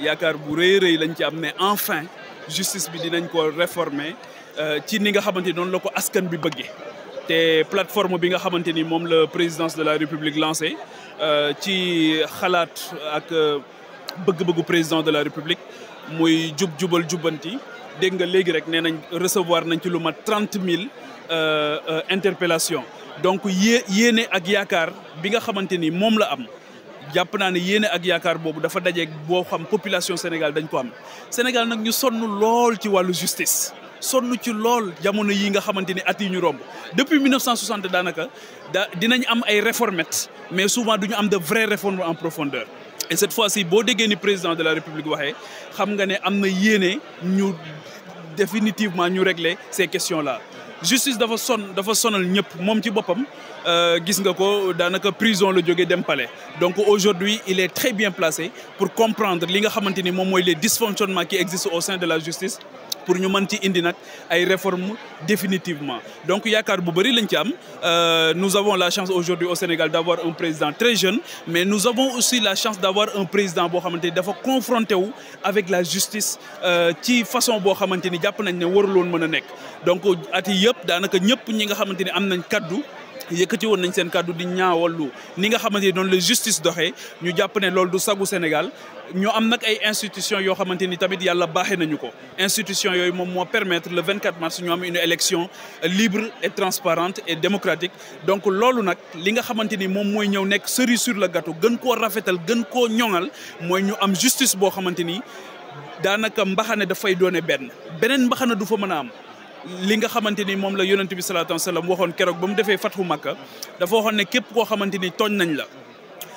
yaakaar bu rëy rëy lañ ci am ne enfin justice bi dinañ ko réformer euh, ci ni nga xamante ni noonu la ko askan bi bëggee te plateforme bi nga xamante ni moom la présidence de la république lancé euh, ci xalaat ak euh, bëgg-bëggu président de la république muy jub jubal jubanti dégg nga léegi rek nee nañ recevoir nañ ci lu ma trente mille interpellation donc yée yéene ak yaakaar bi nga xamante ni moom la am jàpp naa ne yéene ak yaakaar boobu dafa daje boo xam population Sénégal dañ ko am Sénégal nag ñu sonn lool ci wàllu justice sonn ci lool jamono yi nga xamante ni at yi ñu romb depuis 1960 daanaka da dinañ am ay réformettes mais souvent duñu am de vrai réformes en profondeur. et cette fois-ci boo déggee ni président de la République waxee xam nga ne am na yéene ñu définitivement ñu régler ces questions-là justice dafa son dafa sonal ñëpp moom ci boppam euh, gis nga ko daanaka prison la jógee dem palais donc aujourd'hui il est très bien placé pour comprendre li nga xamante ni moom les dysfonctionnements qui existent au sein de la justice pour ñu mën ci indi nag ay réformes définitivement donc yaakaar bu bëri lañ ci am euh, nous avons la chance aujourd'hui au Sénégal d'avoir un président très jeune mais nous avons aussi la chance d'avoir un président boo xamante ni dafa confronté wu avec la justice euh, ci façon boo xamante ni jàpp nañ ne waruloon mën a nekk donc at yëpp daanaka ñëpp ñi nga xamante ni am nañ kaddu yëkkati woon nañ seen kaddu di lu ni nga xamante ni doon la justice doxee ñu jàpp ne loolu du sagu Sénégal ñoo am nag ay institution yoo xamante ni tamit yàlla baaxee nañu ko institution yooyu moom moo permettre la 24 mars ñu am une élection libre et transparente et démocratique donc loolu nag li nga xamante ni moom mooy ñëw nekk cerise sur le gâteau gën koo rafetal gën koo ñoŋal mooy ñu am justice boo xamante ni daanaka mbaxane dafay doone benn beneen mbaxane du fa mën a am li nga xamanteni mom la yonent bi salaatu wasalaam waxoon waxone kérok bamu défé fatxu makkah dafa waxone né képp ko xamanteni togn nañ la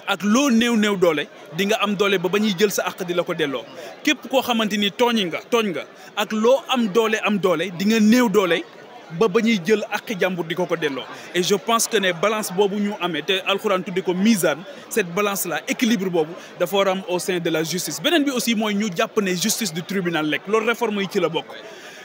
ak lo néew néew doole di nga am doole ba bañuy jël sa àq di la ko képp ko xamanteni togn nga togn nga ak lo am doole am doole di nga néew doole ba bañuy jël àqi jambour di ko ko et je pense que né balance bobu ñu amé té alcorane tudde ko mizan cette balance là équilibre bobu dafa war au sein de la justice benen bi aussi moy ñu japp né justice du tribunal lek lool réforme yi ci la bokk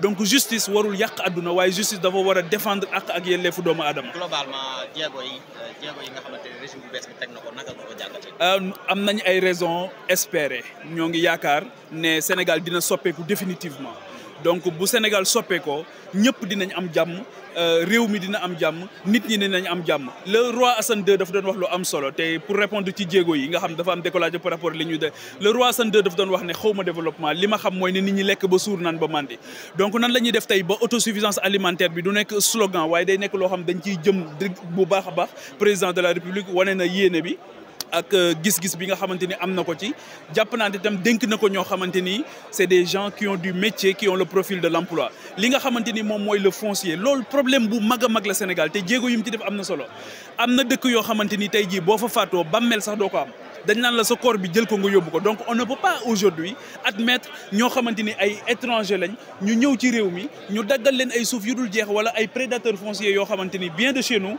donc justice warul yàq àdduna waaye justice dafa war a défendre ak ak yelleefu doomu aadama. globalement jéego yi jéego euh, nga xamante ne régime bu bees bi teg na ko naka nga ko jàngatee. Euh, am nañ ay raisons espérer ñoo ngi yaakaar ne Sénégal dina soppeeku définitivement. donc bu Sénégal soppeekoo ñëpp dinañ am jàmm euh, réew mi dina am jàmm nit ñi dinañ am jàmm. le roi Hassan II daf doon wax lu am solo te pour répondre ci jéego yi nga xam dafa am décollage par rapport li ñu de le roi Hassan II daf doon wax ne xaw ma développement li ma xam mooy ne nit ñi lekk ba suur naan ba màndi. donc nan la ñuy def tey ba autosuffisance alimentaire bi du nekk slogan waaye day nekk loo xam dañ ciy jëm bu baax a baax président de la république wane na yéene bi. ak euh, gis-gis bi nga xamanteni amna na ko ci japp naa ne denk nako ño xamanteni c'est des gens qui ont du métier qui ont le profil de l'emploi li nga xamanteni mom moy le foncier lol problème bu maga mag la Sénégal te djégo yum ci def amna solo amna na dëkk yoo xamante ni tey jii fa fato bammel sax doo ko am dañ nan la sa corps bi jël ko nga yóbbu ko donc on ne peut pas aujourd'hui admettre ño xamanteni ay étranger lañ ñu ñëw ci réew mi ñu daggal leen ay souf yu dul jeex wala ay prédateurs fonciers yo xamanteni bien de chez nous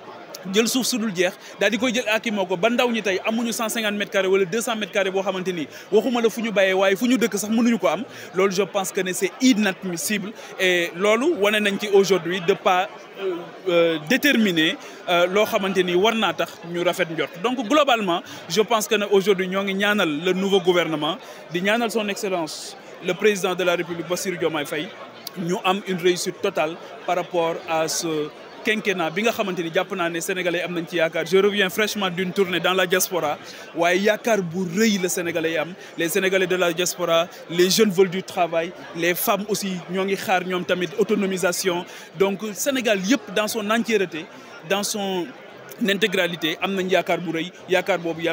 jël suuf su dul jeex daal di koy jël akimoo ko ba ndaw ñi tey amuñu 150 mètres carrés wala 200 mètres carrés boo xamante ni waxuma la fu ñu bàyyee waaye fu ñu dëkk sax mënuñu ko am loolu je pense que ne c'est inadmissible et loolu wane nañ ci aujourd'hui de pas euh, euh, déterminer euh, loo xamante ni war naa tax ñu rafet njort donc globalement je pense que ne aujourd'hui ñoo ñaanal le nouveau gouvernement di ñaanal son excellence le président de la République Bassirou Diomaye Faye ñu am une réussite totale par rapport à ce quinquennat bi nga sénégalais je reviens fraîchement d'une tournée dans la diaspora waaye yakar bu le sénégalais am les sénégalais de la diaspora les jeunes veulent du travail les femmes aussi ñoo ngi xaar tamid, autonomisation donc Sénégal dans son entièreté dans son intégralité am nañ yaakaar bu rëy yaakaar boobu